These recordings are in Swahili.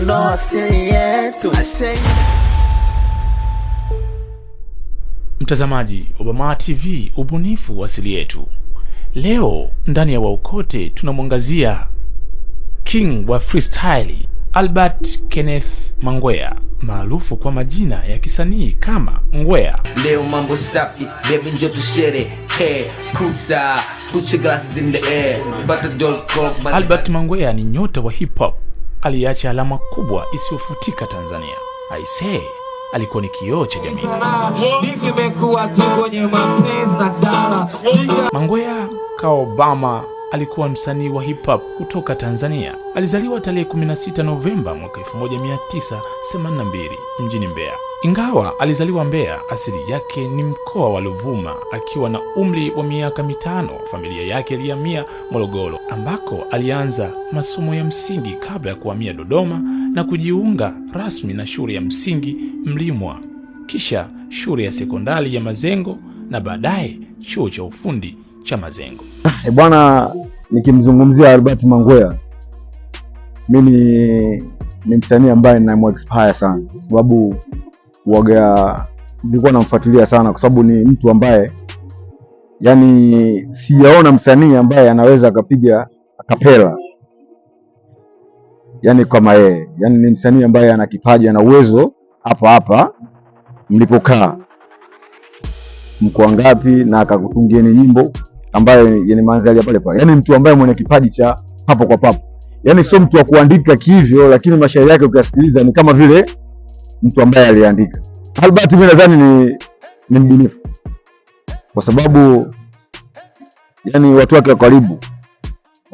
kuondoa asili yetu. Mtazamaji obama TV, ubunifu wa asili yetu. Leo ndani ya Waukote tunamwangazia king wa freestyle Albert Kenneth Mangwea maarufu kwa majina ya kisanii kama Ngwea. Leo mambo safi, baby njoo tusherehee, put your glasses in the air. Albert Mangwea ni nyota wa hip hop aliacha alama kubwa isiyofutika Tanzania. Aisee, alikuwa ni kioo cha jamii. Mangwea Kaobama alikuwa msanii wa hip hop kutoka Tanzania. Alizaliwa tarehe 16 Novemba mwaka 1982 mjini Mbeya. Ingawa alizaliwa Mbeya, asili yake ni mkoa wa Ruvuma. Akiwa na umri wa miaka mitano, familia yake ilihamia Morogoro ambako alianza masomo ya msingi kabla ya kuhamia Dodoma na kujiunga rasmi na shule ya msingi Mlimwa, kisha shule ya sekondari ya Mazengo na baadaye chuo cha ufundi cha Mazengo. E bwana, nikimzungumzia Albert Mangwea mimi ni msanii ambaye ninamwexpire sana kwa sababu waga nilikuwa namfuatilia sana kwa sababu ni mtu ambaye yani sijaona msanii ambaye anaweza akapiga akapela yani kama yeye. Yani ni msanii ambaye ana kipaji, ana uwezo hapa hapa mlipokaa mko ngapi, na akakutungieni nyimbo ambayo yani manzali ya pale pale. Yani mtu ambaye mwenye kipaji cha papo kwa papo, yani sio mtu wa kuandika kivyo, lakini mashairi yake ukiyasikiliza ni kama vile mtu ambaye aliandika Albert, mimi nadhani ni, ni mbinifu kwa sababu yani watu wake wa karibu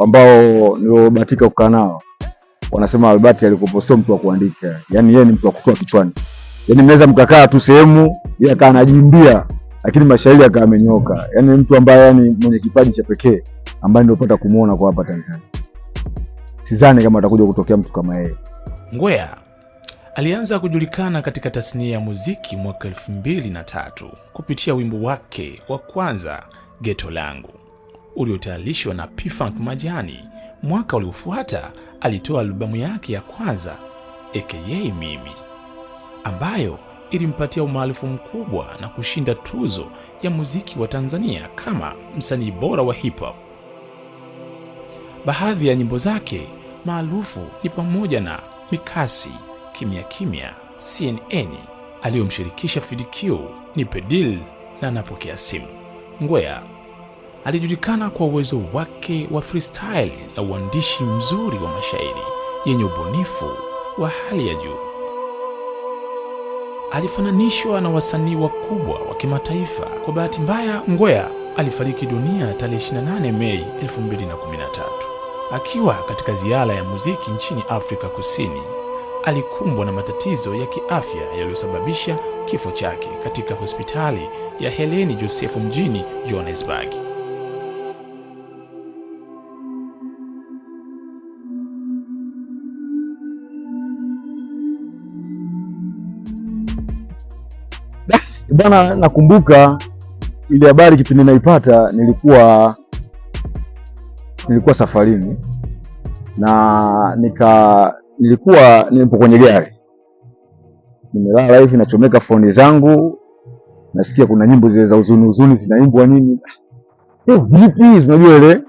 ambao niliobahatika kukaa nao wanasema Albert alikuwa sio mtu wa kuandika, yani yeye ni mtu wa kutoa kichwani. Yani mnaweza mkakaa tu sehemu, yeye akaa anajimbia, lakini mashairi akaa amenyoka. Yani mtu ambaye yani mwenye kipaji cha pekee ambaye nilipata kumuona kwa hapa Tanzania, sidhani kama atakuja kutokea mtu kama yeye. Ngwea Alianza kujulikana katika tasnia ya muziki mwaka tatu kupitia wimbo wake wa kwanza Geto Langu uliotayarishwa na p Majani. Mwaka uliofuata alitoa albamu yake ya kwanza Aka Mimi ambayo ilimpatia umaarufu mkubwa na kushinda tuzo ya muziki wa Tanzania kama msanii bora wa hiphop Baadhi ya nyimbo zake maarufu ni pamoja na Mikasi kimya kimya CNN aliyomshirikisha Fidikiu ni Pedil na anapokea simu. Ngwea alijulikana kwa uwezo wake wa freestyle na uandishi mzuri wa mashairi yenye ubunifu wa hali ya juu. Alifananishwa na wasanii wakubwa wa kimataifa. Kwa bahati mbaya, Ngwea alifariki dunia tarehe 28 Mei 2013 akiwa katika ziara ya muziki nchini Afrika Kusini alikumbwa na matatizo ya kiafya yaliyosababisha kifo chake katika hospitali ya Heleni Josefu mjini Johannesburg. Bwana, nakumbuka ile habari kipindi naipata, nilikuwa nilikuwa safarini na nika nilikuwa nipo kwenye gari nimelala hivi, nachomeka foni zangu, nasikia kuna nyimbo zile za huzuni huzuni zinaimbwa nini, vipi Unajua ile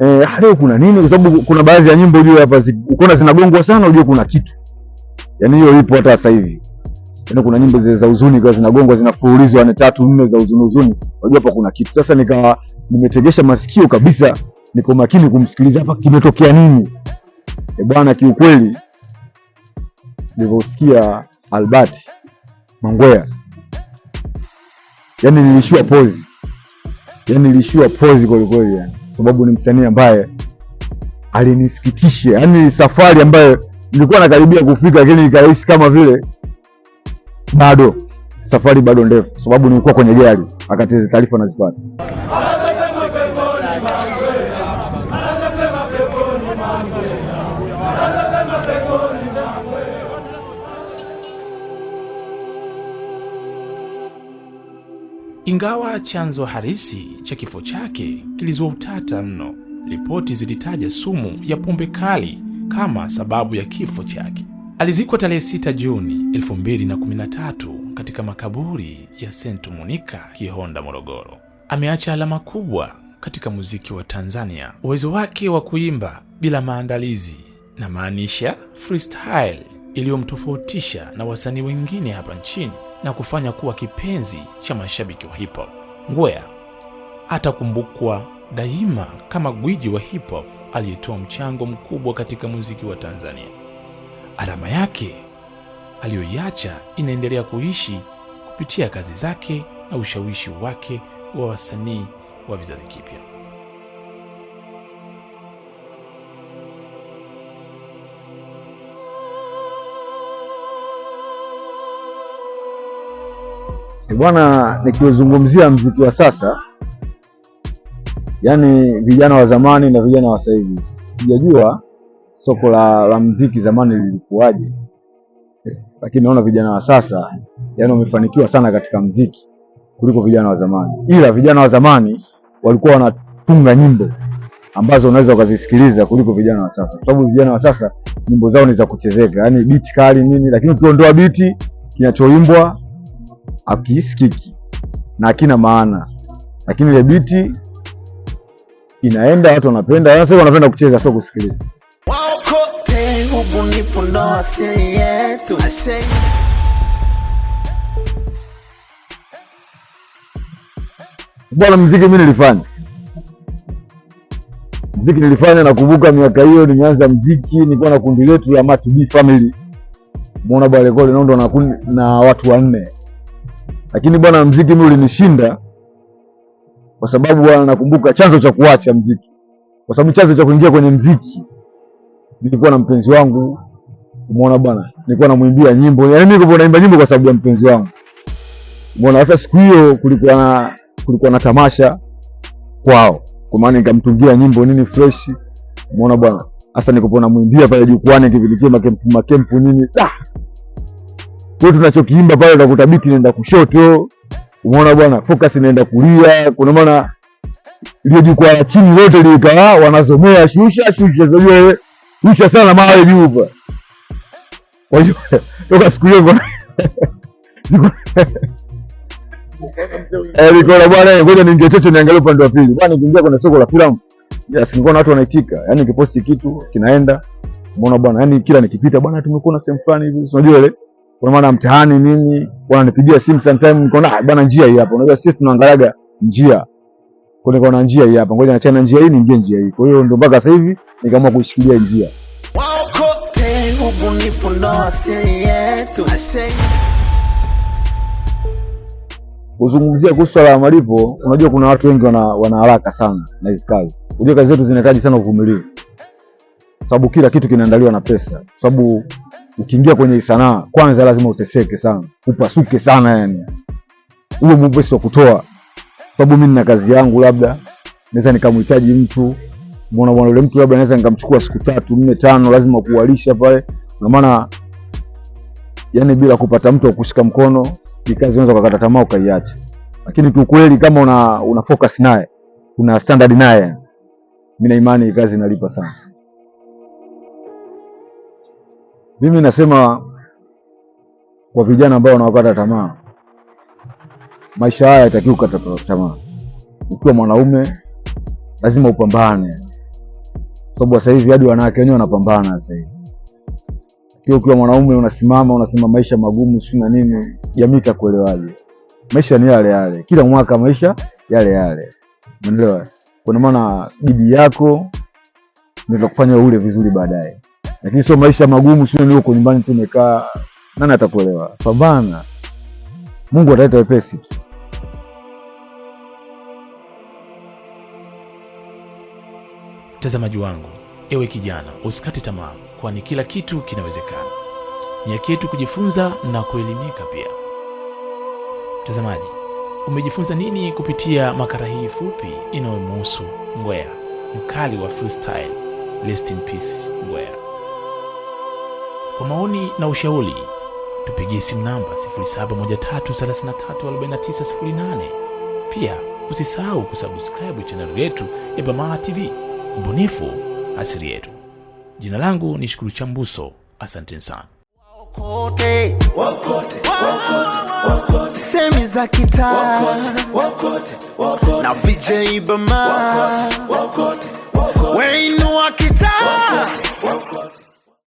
eh, leo kuna nini? Kwa sababu kuna baadhi ya nyimbo hiyo hapa ukiona zinagongwa sana unajua kuna kitu, yani, hiyo ipo hata sasa hivi. yani, kuna nyimbo zile za huzuni kwa zinagongwa zinafululizwa ni tatu nne za huzuni huzuni, unajua hapa kuna kitu. Sasa nikawa nimetegesha masikio kabisa, niko makini kumsikiliza hapa kimetokea nini E bwana, kiukweli nilivyosikia Albert Mangwea, yani nilishua pozi, yani nilishiwa pozi yaani kwelikweli, yani sababu ni msanii ambaye alinisikitisha, yani safari ambayo nilikuwa nakaribia kufika, lakini nikahisi kama vile bado safari bado ndefu, sababu nilikuwa kwenye gari akati taarifa nazipata Ingawa chanzo halisi cha kifo chake kilizua utata mno, ripoti zilitaja sumu ya pombe kali kama sababu ya kifo chake. Alizikwa tarehe 6 Juni 2013 katika makaburi ya St. Monica, Kihonda, Morogoro. Ameacha alama kubwa katika muziki wa Tanzania. Uwezo wake wa kuimba bila maandalizi na maanisha freestyle iliyomtofautisha na wasanii wengine hapa nchini na kufanya kuwa kipenzi cha mashabiki wa hip hop. Ngwea atakumbukwa daima kama gwiji wa hip hop aliyetoa mchango mkubwa katika muziki wa Tanzania. Alama yake aliyoiacha inaendelea kuishi kupitia kazi zake na ushawishi wake wa wasanii wa vizazi kipya. Eh, bwana, nikiuzungumzia mziki wa sasa, yani vijana wa zamani na vijana wa sasa hivi, sijajua soko la, la mziki zamani lilikuwaje, eh, lakini naona vijana wa sasa yani wamefanikiwa sana katika mziki kuliko vijana wa zamani, ila vijana wa zamani walikuwa wanatunga nyimbo ambazo unaweza ukazisikiliza kuliko vijana wa sasa, kwa sababu vijana wa sasa nyimbo zao ni za kuchezeka, yaani biti kali nini, lakini ukiondoa biti kinachoimbwa hakisikiki na akina maana, lakini ile biti inaenda, watu wanapenda. Yaani sasa wanapenda kucheza, sio kusikiliza. Bwana, mziki mi nilifanya mziki, nilifanya nakumbuka miaka hiyo nimeanza mziki, nilikuwa na kundi letu la Matubi Family, mwona bale kole ndo na watu wanne lakini bwana mziki mimi ulinishinda, kwa sababu bwana, nakumbuka chanzo cha kuacha mziki, kwa sababu chanzo cha kuingia kwenye mziki nilikuwa na mpenzi wangu, umeona bwana, nilikuwa namwimbia nyimbo, yaani nilikuwa naimba nyimbo kwa sababu ya mpenzi wangu, umeona. Sasa siku hiyo kulikuwa na kulikuwa na tamasha kwao, kwa maana nikamtungia nyimbo nini fresh, umeona bwana. Sasa nilipokuwa namwimbia pale jukwani, kivilikia makempu makempu nini, ah kwa tunachokiimba pale utakuta biti inaenda kushoto, umeona bwana, focus inaenda kulia. Kuna maana ile jukwaa la chini lote likawa wanazomea shusha shusha, unajua wewe shusha sana mawe juu pa. Kwa hiyo toka siku hiyo eh, nikaona bwana, ngoja niingie chocho niangalie upande wa pili bwana. Nikiingia kwenye soko la filamu, yes, nikaona watu wanaitika, yani nikiposti kitu kinaenda, umeona bwana, yani kila nikipita bwana, tumekuwa na sehemu fulani hivi, unajua ile kuna maana mtihani nini, wananipigia simu sometime, nikaona bwana njia hii hapa. Unajua sisi tunaangalaga njia, kwa nikaona njia hii hapa, ngoja niachane na njia hii, niingie njia hii. Kwa hiyo ndio mpaka sasa hivi nikaamua kushikilia njia kuzungumzia kuhusu swala la malipo. Unajua kuna watu wengi wana, wana haraka sana na hizo kazi. Unajua kazi zetu zinahitaji sana uvumilivu, sababu kila kitu kinaandaliwa na pesa, sababu ukiingia kwenye sanaa kwanza lazima uteseke sana, upasuke sana, yani Huo mwepesi wa kutoa. Sababu mimi nina kazi yangu, labda naweza nikamhitaji mtu Mbona bwana, yule mtu labda naweza nikamchukua siku tatu nne tano, lazima kuwalisha pale, na maana yani bila kupata mtu akushika mkono ni kazi unaweza kukata tamaa ukaiacha, lakini kiukweli kama una, una focus naye una standard naye, mimi na imani kazi inalipa sana. Mimi nasema kwa vijana ambao wanakata tamaa, maisha haya yatakiwa kukata tamaa. Ukiwa mwanaume lazima upambane, sababu sasa hivi hadi wanawake wenyewe wanapambana sasa hivi. Ukiwa ukiwa mwanaume unasimama, unasema maisha magumu, si na nini, jamii itakuelewaje? Maisha ni yale yale, kila mwaka maisha yale yale, umeelewa? Kwa maana bibi yako ndio kufanya ule vizuri baadaye lakini sio maisha magumu, sio huko nyumbani tu nimekaa. Nani atakuelewa? Pambana, Mungu ataleta wepesi tu. Mtazamaji wangu, ewe kijana, usikate tamaa, kwani kila kitu kinawezekana. Ni haki yetu kujifunza na kuelimika pia. Mtazamaji, umejifunza nini kupitia makala hii fupi inayomhusu Ngwea, mkali wa freestyle? Rest in peace Ngwea. Kwa maoni na ushauri tupigie simu namba 0713334908. Pia usisahau kusubscribe chaneli yetu ya Bamaa TV. Ubunifu asili yetu. Jina langu ni Shukuru Chambuso, asanteni sana. Wakote, wakote, wakote, wakote. Semi za kitaa na VJ Bamaa, wakote, wakote, wakote.